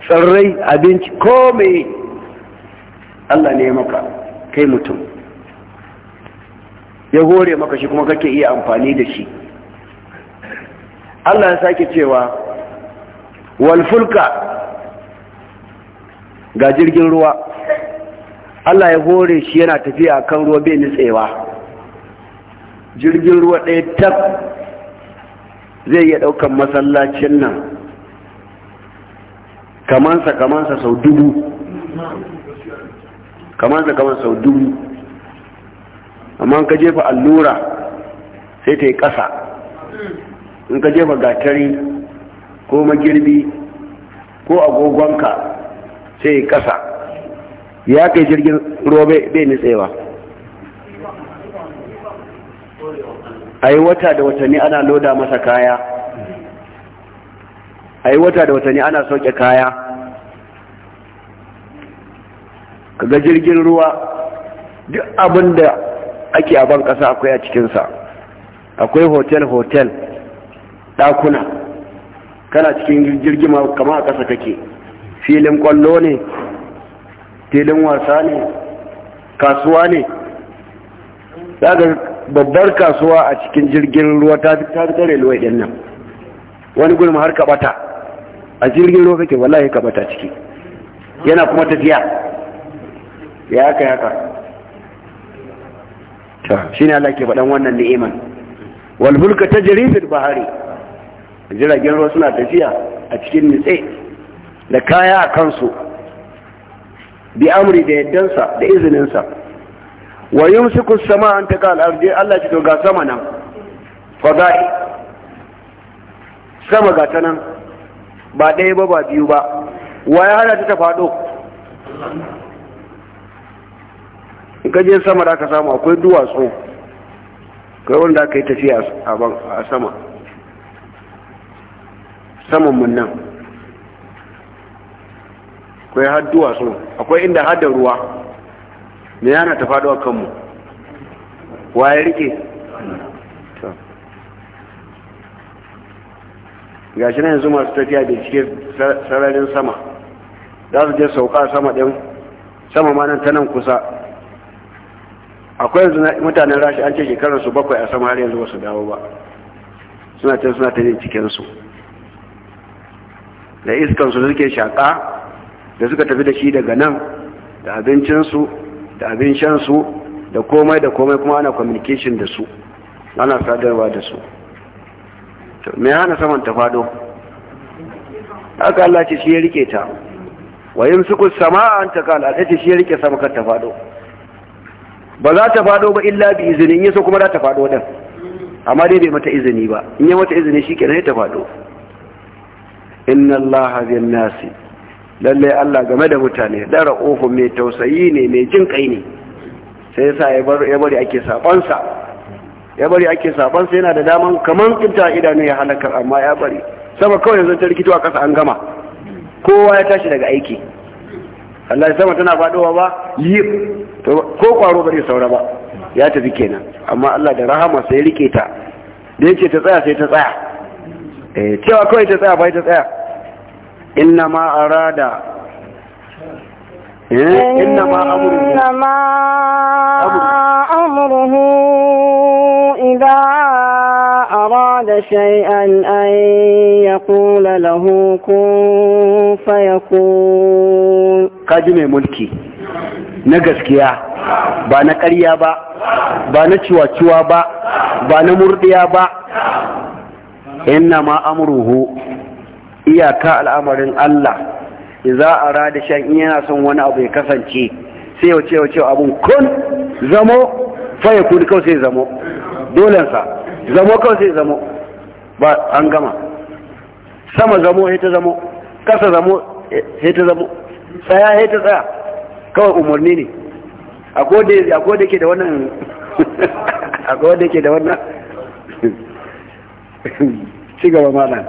tsirrai abinci kome Allah ne maka kai mutum ya hore maka shi kuma kake iya amfani da shi Allah ya sake cewa walfulka ga jirgin ruwa Allah ya hore shi yana tafiya kan ruwa bai nitsewa jirgin ruwa ɗaya tab zai iya ɗaukan masallacin nan kamansa kamansa sau dubu kamansa kamansa sau dubu amma ka jefa allura sai ta yi ƙasa in ka jefa gatari ko magirbi ko agogonka sai yi ƙasa ya kai jirgin ruwa bai nitsewa a yi wata da watanni ana loda masa kaya a yi wata da watanni ana sauke kaya kaga jirgin ruwa duk abinda ake a ban akwai a cikinsa akwai hotel-hotel ɗakuna kana cikin jirgima kama a ƙasa kake filin ƙwallo ne filin wasa ne kasuwa ne daga babbar kasuwa a cikin jirgin ruwa ta fi tare luwai ɗin nan wani gudun har kaɓata a jirgin ruwa kake wallahi kaɓata ciki yana kuma tafiya ya haka haka shi ne Allah ke faɗan wannan ni'iman walfulka ta jirifin bahari jiragen ruwa suna tafiya a cikin nitse da kaya a kansu bi amri da yaddansa da izininsa wa yin suku sama an ta al'arji Allah ce to ga sama nan fada'i sama ga ta nan ba ɗaya ba ba biyu ba wa ya hana ta ta faɗo in ka je sama da ka samu akwai duwatsu kai wanda aka yi tafiya a sama saman mun nan akwai har duwatsu akwai inda har da ruwa na yana ta faɗo a kanmu waye rike gashi na yanzu masu tafiya da cike sararin sama za su je sauka sama ɗin sama ma nan ta nan kusa akwai yanzu mutanen rashi an ce shekarar su bakwai a sama har yanzu ba su dawo ba suna can suna ta cikinsu da iskansu da suke shaƙa da suka tafi da shi daga nan da abincinsu da abin shansu da komai da komai kuma ana communication da su ana sadarwa da su me hana saman ta fado haka Allah ce shi ya rike ta wayin suku sama an ta kala ta ce shi ya rike sama kan ta fado ba za ta faɗo ba illa bi izinin yaso kuma za ta faɗo din amma dai bai mata izini ba in ya mata izini shi kenan ta faɗo inna allaha bin nasi lalle Allah game da mutane da ra'ufun mai tausayi ne mai jin kai ne sai yasa ya bari ake sabansa ya bari ake sabansa yana da daman kaman kinta idanu ya halaka amma ya bari sama kawai yanzu ta rikito a kasa an gama kowa ya tashi daga aiki Allah ya sama tana faɗowa ba yi ko kwaro bari saura ba ya tafi kenan amma Allah da rahama sai rike ta da yace ta tsaya sai ta tsaya eh cewa kawai ta tsaya bai ta tsaya inna ma arada eh, inna ma amruhu inna ma amruhu idha arada shay'an an yaqula lahu kun fayakun kaji mai mulki na gaskiya ba na ƙarya ba ba na ciwa-ciwa ba ba na murdiya ba inna ma amruhu iyaka al'amarin Allah idza arada shan yana son wani abu ya kasance sai ya ce wace abun kun zamo fa ya kun kawai sai zamo dolen sa zamo kawai sai zamo ba an gama sama zamo sai ta zamo kasa zamo sai ta zamo tsaya sai ta tsaya kawai umarni ne a kodai a ke da wannan a kodai ke da wannan cigaba mana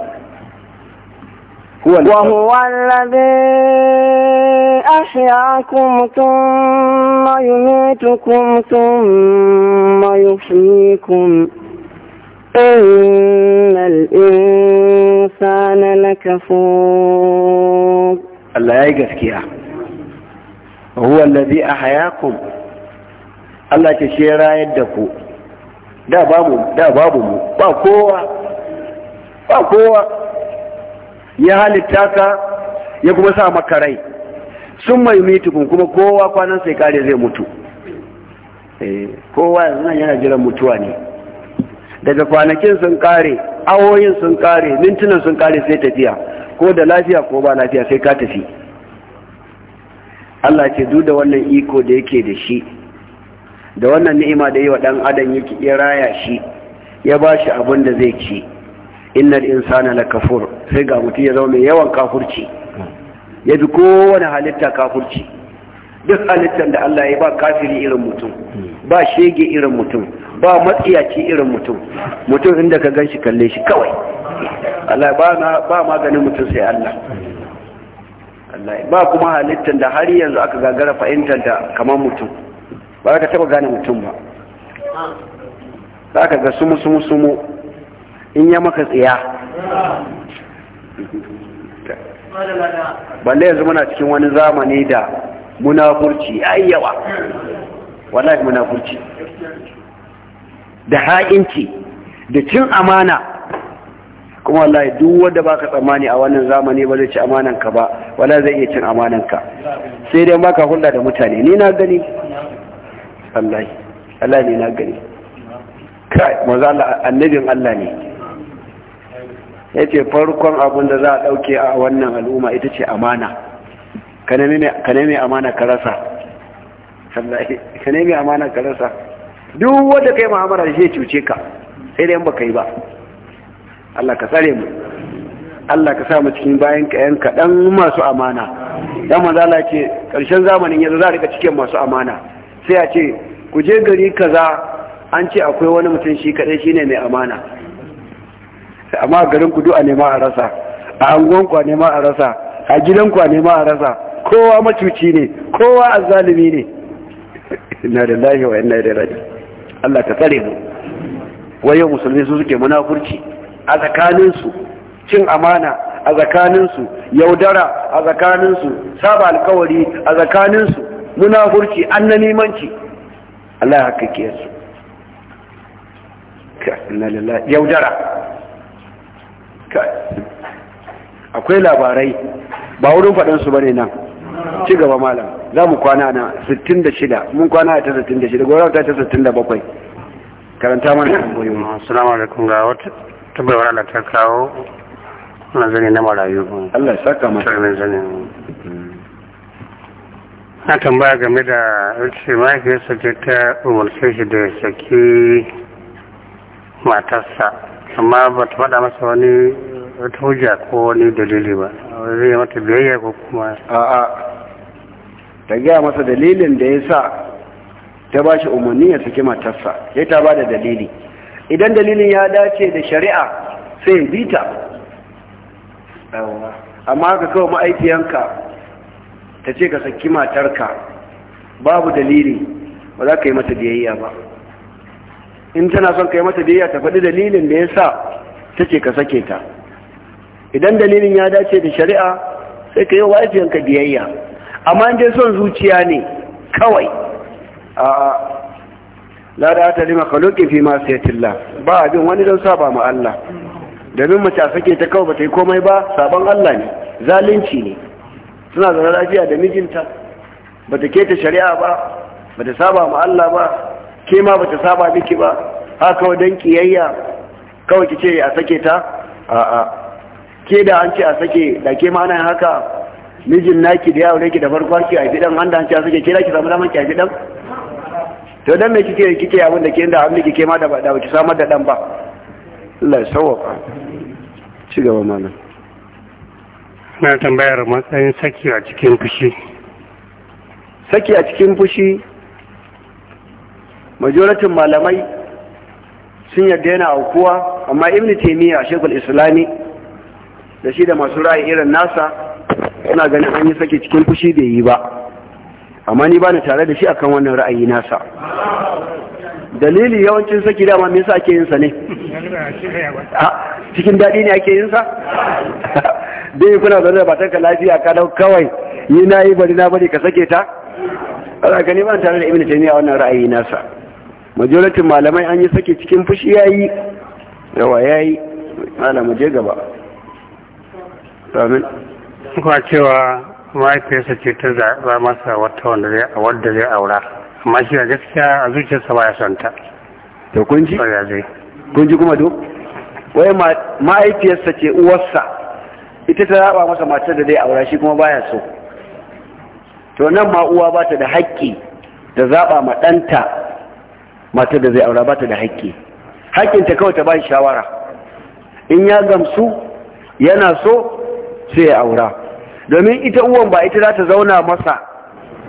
wahuwa lade ahiya tun mayu metu tun mayu kun fikun innal na lakafu Allah ya yi gaskiya huwa allazi ahyakum Allah ke shi rayar da ku da babu mu ba kowa ya halitta ka ya kuma sa maka rai sun mai mitukun kuma kowa kwanan sai kare zai mutu eh, kowa yana jiran mutuwa ne daga kwanakin sun kare awoyin sun kare mintunan sun kare sai tafiya ko da lafiya ko ba lafiya sai ka tafi Allah ce duk da wannan iko da yake da shi da wannan ni'ima da yi wa ɗan adam yake ya raya shi ya ba shi abin da zai ci innal insana la kafur sai ga mutum ya zama mai yawan kafurci ya bi kowane halitta kafurci duk halittar da Allah ya ba kafiri irin mutum ba shege irin mutum ba matsiyaci irin mutum mutum inda ka gan shi kalle shi kawai Allah ba maganin mutum sai Allah wallahi ba kuma halittar da har yanzu aka gagara fahimtar da kamar mutum ba ka taba gane mutum ba za ka ga sumu sumu sumu in ya maka tsiya balle yanzu muna cikin wani zamani da munafurci ayyawa wallahi munafurci da ha'inci da cin amana kuma wallahi duk wanda baka tsammani a wannan zamani ba zai ci amanan ka ba wala zai iya cin amanan ka sai dai baka hulɗa da mutane ni na gani wallahi Allah ne na gani kai maza Allah annabin Allah ne yace farkon abin da za a dauke a wannan al'umma ita ce amana ka nemi amana ka rasa wallahi ka nemi amana ka rasa duk wanda kai mu'amala shi ya cuce ka sai dai in baka yi ba Allah ka tsare mu Allah ka sa mu cikin bayan ka yanka dan masu amana dan manzo Allah ce ƙarshen zamanin yanzu za a rika cikin masu amana sai a ce ku je gari kaza an ce akwai wani mutum shi kaɗai shine mai amana amma garin ku du'a nema a rasa a angon ku nema a rasa a gidan ku nema a rasa kowa macuci ne kowa azzalimi ne inna lillahi wa inna ilaihi raji Allah ka tsare mu wayo musulmi su suke munafurci a tsakaninsu cin amana a tsakaninsu yaudara a tsakaninsu saba alkawari a tsakaninsu na annanimanci Allah ya haka su yaudara akwai labarai ba wurin faɗansu ba ne nan ci gaba malam za mu kwana na 66 mun kwana ta 66 gwamnati ta 67 karanta mana tambayoyi salamu alaikum ga wata tabbar Allah ta kawo manzani na marayu Allah ya saka mata manzani na tambaya game da wace mahaifiyarsa ce ta umarce shi da saki matarsa amma ba ta faɗa masa wani wata hujja ko wani dalili ba zai yi mata biyayya ko kuma a'a ta gaya masa dalilin da ya sa ta ba shi umarni ya saki matarsa ya ta ba da dalili idan dalilin ya dace da shari'a sai bita amma ka kawo ma'aikiyanka ta ce ka saki matarka babu dalili ba za ka yi mata biyayya ba in tana son ka yi mata biyayya ta faɗi dalilin da ya sa ta ce ka sake ta idan dalilin ya dace da shari'a sai ka yi wa aikiyanka biyayya amma in dai son zuciya ne kawai la da ta lima khaluqin fi sayatillah ba abin wani don saba ma Allah domin mace a sake ta kawai bata yi komai ba saban Allah ne zalunci ne suna zaune lafiya da mijinta bata keta shari'a ba bata saba ma Allah ba ke ma bata saba miki ba haka kawai don kiyayya kawai ki ce a sake ta a'a ke da an ce a sake da ke ma nan haka mijin naki da yawo ki da farko ki a fidan an da an ce a sake ke da ki samu damar ki a fidan to dan me kike kike abin da ke inda abin da kike ma da ba ki samar da dan ba Allah ya sauwaka ci gaba mana na tambayar matsayin saki a cikin fushi saki a cikin fushi majoratin malamai sun yarda yana aukuwa amma ibn taymiya shekul islami da shi da masu ra'ayi irin nasa suna ganin an yi saki cikin fushi bai yi ba amma ni ba ni tare da shi akan wannan ra'ayi nasa dalili yawancin saki dama me yasa ake yin sa ne ah, cikin dadi ne ake yin sa dai kuna zaune da batanka lafiya ka dau kawai ni na yi bari na bari ka sake ta ala gani ni ba tare da ibnu taymiya wannan ra'ayi nasa majoritin malamai an yi saki cikin fushi yayi yawa yayi malama je gaba amin kwa cewa mahaifiyarsa ce ta zaɓa masa wata wanda zai aura amma shi a gaskiya a zuciyarsa ba ya son ta to kun ji kun ji kuma do wai mahaifiyarsa ce uwarsa ita ta zaɓa masa matar da zai aura shi kuma baya so to nan ma uwa ba ta da haƙƙi da zaɓa ma ɗanta matar da zai aura ba ta da haƙƙi haƙƙinta kawai ta ba shawara in ya gamsu yana so sai ya aura domin ita uwan ba ita za ta zauna masa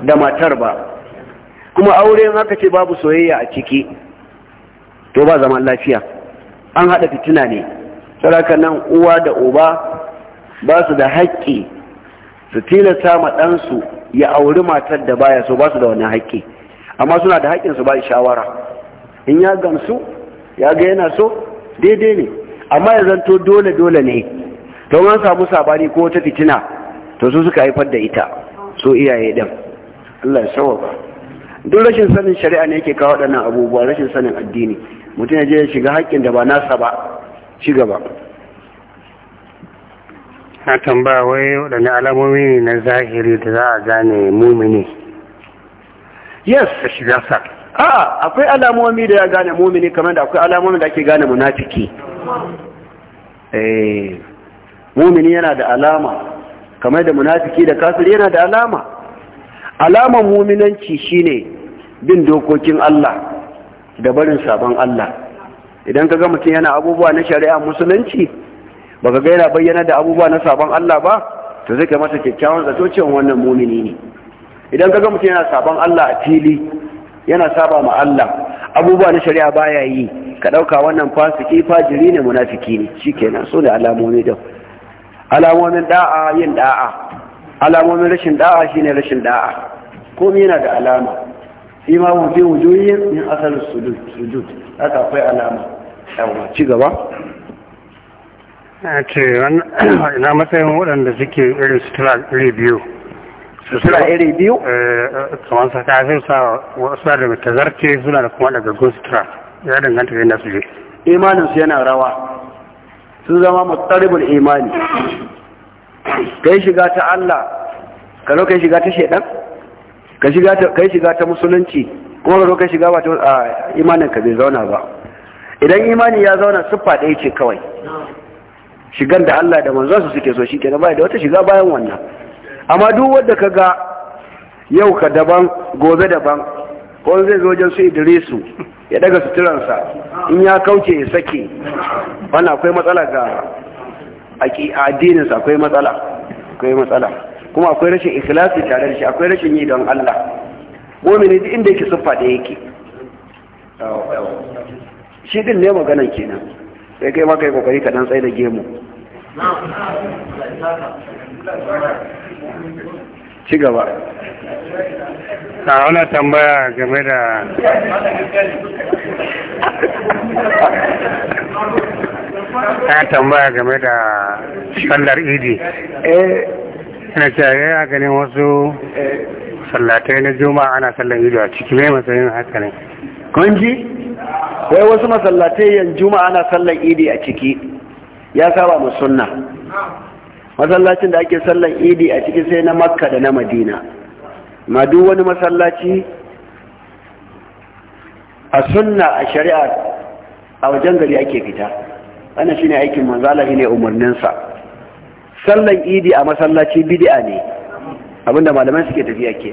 da matar ba kuma aure haka ce babu soyayya a ciki to ba zaman lafiya an haɗa fitina ne saraka nan uwa da uba ba su da haƙƙi su tilasta ma ɗansu ya auri matar da baya so ba su da wani haƙƙi amma suna da haƙƙin su ba shawara in ya gamsu ya ga yana so daidai ne amma ya zanto dole dole ne to an samu sabani ko wata fitina to su suka haifar da ita su iyaye ɗan. Allah ya ba. duk rashin sanin shari'a ne yake kawo waɗannan abubuwa rashin sanin addini mutum ya je ya shiga haƙƙin da ba nasa ba ci gaba na tambaya wai waɗanne alamomi ne na zahiri da za a gane mumini yes ka shiga sa a akwai alamomi da ya gane mumini kamar da akwai alamomi da ake gane munafiki eh mumini yana da alama kamar da munafiki da kafir yana da alama alaman muminanci shine bin dokokin Allah da barin sabon Allah idan ka ga mutum yana abubuwa na shari'a musulunci baka ga yana bayyana da abubuwa na sabon Allah ba to zai kai masa kyakkyawan zato cewa wannan mumini ne idan ka ga mutum yana sabon Allah a fili yana saba ma Allah abubuwa na shari'a baya yi ka ɗauka wannan fasiki fajiri ne munafiki ne shikenan so da alamomi da alamomin da'a yin da'a alamomin rashin da'a shine rashin da'a komai yana da alama fi ma wuce wujuyin min asalin sujud haka akwai alama yawa ci gaba na ce ina matsayin waɗanda suke irin sutura iri biyu sutura iri biyu eh, eh, kamar sa kafin sa wasu da tazarce suna da kuma daga sutura ya danganta da yana su je imaninsu yana rawa sun zama mutsaribul imani kai shiga ta Allah ka zo kai shiga ta shaidan ka yi kai shiga ta musulunci kuma ka zo kai shiga ba a imanin ka bai zauna ba idan imani ya zauna siffa ɗaya ce kawai shigan da Allah da manzon su suke so shi kenan ba da wata shiga bayan wannan amma duk wanda ka ga yau ka daban gobe daban ko zai zo wajen su Idrisu ya daga suturansa in ya kauce ya sake wani akwai matsala ga addininsa akwai matsala akwai matsala kuma akwai rashin ikilasi tare da shi akwai rashin yi don Allah mu'mini duk inda yake siffa da yake shi din ne maganan kenan sai kai ma kai kokari kaɗan, tsaye da gemu ci gaba a wani tambaya game da ta tambaya game da sallar idi eh. ina ce ya ganin eh, wasu sallatai na juma'a ana sallar idi a ciki mai matsayin haka ne kunji wai wasu masallatai yan juma'a ana sallar idi a ciki ya saba musunna masallacin da ake sallan idi a ciki sai na makka da na madina ma duk wani masallaci a sunna a shari'a a wajen gari ake fita ana shi ne aikin manzala shi ne umarninsa sallan idi a masallaci bid'a ne abinda malaman suke tafiya ke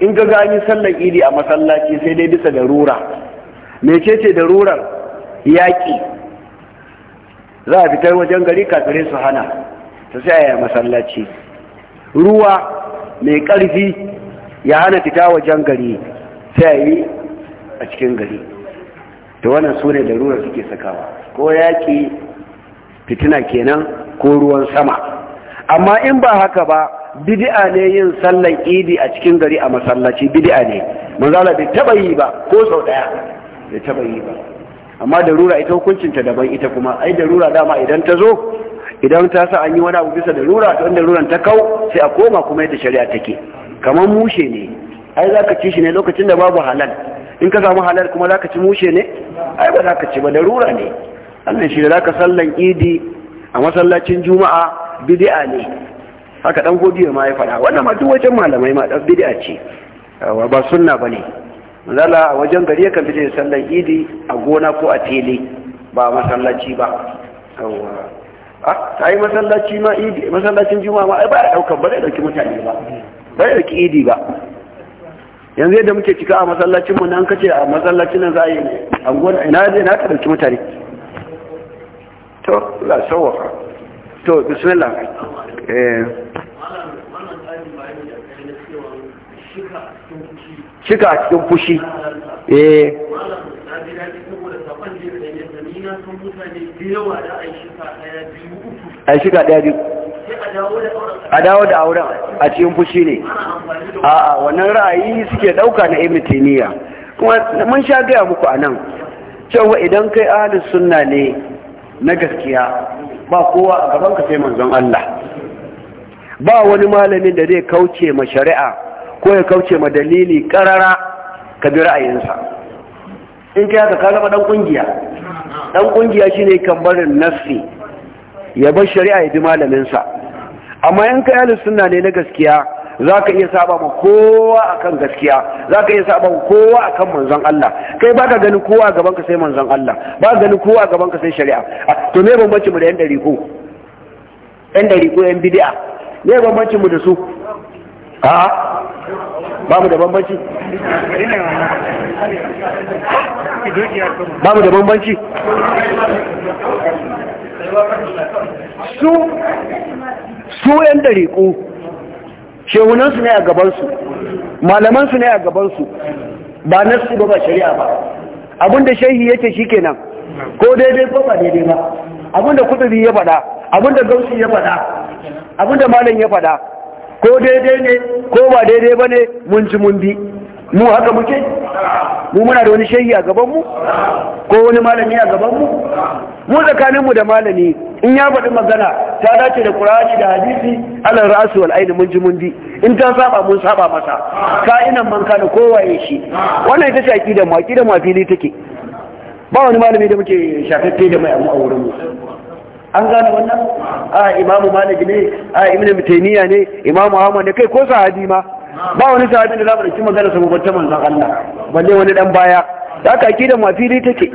in ga gani sallan idi a masallaci sai dai bisa da rura mecece da rurar yaƙi za a fitar wajen gari kafirai su hana ta sai ya masallaci ruwa mai ƙarfi ya hana fita wajen gari sai yi a cikin gari ta wannan su da ruwa suke sakawa ko yaƙi fitina kenan ko ruwan sama amma in ba haka ba bidi'a ne yin sallan idi a cikin gari a masallaci bidi'a ne manzala bai taba yi ba ko sau daya bai taba yi ba amma darura ita hukuncinta daban ita kuma ai darura dama idan ta zo idan ta sa an yi wani abu bisa da rura to inda ruran ta kau sai a koma kuma yadda shari'a take kamar mushe ne ai za ka ci shi ne lokacin da babu halal in ka samu halal kuma za ka ci mushe ne ai ba za ka ci ba da rura ne annan shi da za ka sallan idi a masallacin juma'a bid'a ne haka dan godiya ma ya faɗa wannan ma duk wajen malamai ma dan bid'a ce ba sunna bane zala a wajen gari kan fice sallan idi a gona ko a tele ba masallaci ba a ah, yi masallaci ma idi masallacin juma'a ma ai ba ya daukar ba zai dauki mutane ba ba zai dauki idi ba yanzu yadda muke cika a masallacin mu nan kace a masallacin nan za a yi anguwar ina zai na ka dauki mutane to la sawa to bismillah eh cika a cikin fushi eh a biyu a dawo da auren a cikin fushi ne a'a wannan ra'ayi suke ɗauka na ibn kuma mun sha gaya muku a nan cewa idan kai ahalin sunna ne na gaskiya ba kowa a gaban ka sai manzon Allah ba wani malamin da zai kauce ma shari'a ko ya kauce ma dalili karara ka bi ra'ayinsa in kai haka ka zama dan kungiya dan kungiya kan kambarin nafsi ya bar shari'a ya bi malaminsa. amma in kai ahlus sunna ne na gaskiya za ka iya saba ma kowa akan gaskiya za ka iya saba ma kowa akan manzon Allah kai ba ka gani kowa a gaban ka sai manzon Allah ba ka gani kowa a gaban ka sai shari'a ah, to me bambanci mu da yan dariko ko yan dariko ko yan bid'a me bambanci mu da su a ba mu da bambanci ba mu da bambanci su su yan dariƙo shehunansu ne a gabansu malamansu ne a gabansu ba nasu ba ba shari'a ba abinda shehi yake shi kenan ko daidai ko ba daidai ba abinda kudubi ya faɗa abinda gausu ya faɗa abinda malam ya faɗa ko daidai ne ko ba daidai ba ne mun ci mun bi mu haka muke mu muna da wani shehi a gabanmu ko wani malami a gabanmu mu tsakaninmu da malami in ya faɗi magana ta dace da ƙura'ani da hadisi alal ra'su wal aini mun ji mun bi in ta saba mun saba masa inan man kana kowaye shi wannan ita ce aqidar mu aqidar mu fili take ba wani malami da muke shafaffe da mai a wurin mu an gane wannan a imamu malik ne a ibnu taymiya ne imamu ahmad ne kai ko sahabi ma ba wani sahabi da za mu dauki magana ba ta manzan Allah balle wani dan baya da aka akida mu fili take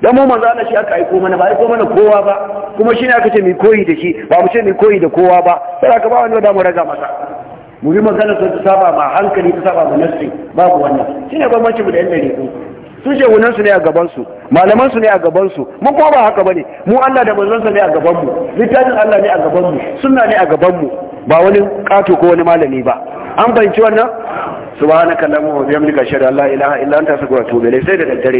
dan mu manzan Allah shi aka aiko mana ba aiko mana kowa ba kuma shine aka ce mu koyi da shi ba mu ce mu koyi da kowa ba sai aka ba wani da mu raga masa mu bi magana ta saba ma hankali ta saba ma nafsi babu wannan Shi shine bambanci mu da yan dare sun shegunan su ne a gaban su malaman su ne a gaban su mu kuma ba haka bane mu Allah da manzon sa ne a gaban mu littafin Allah ne a gaban mu sunna ne a gaban mu ba wani kato ko wani malami ba an banci wannan subhanaka allahumma wa bihamdika ashhadu an la ilaha illa anta astaghfiruka wa atubu ilayk sai da daddare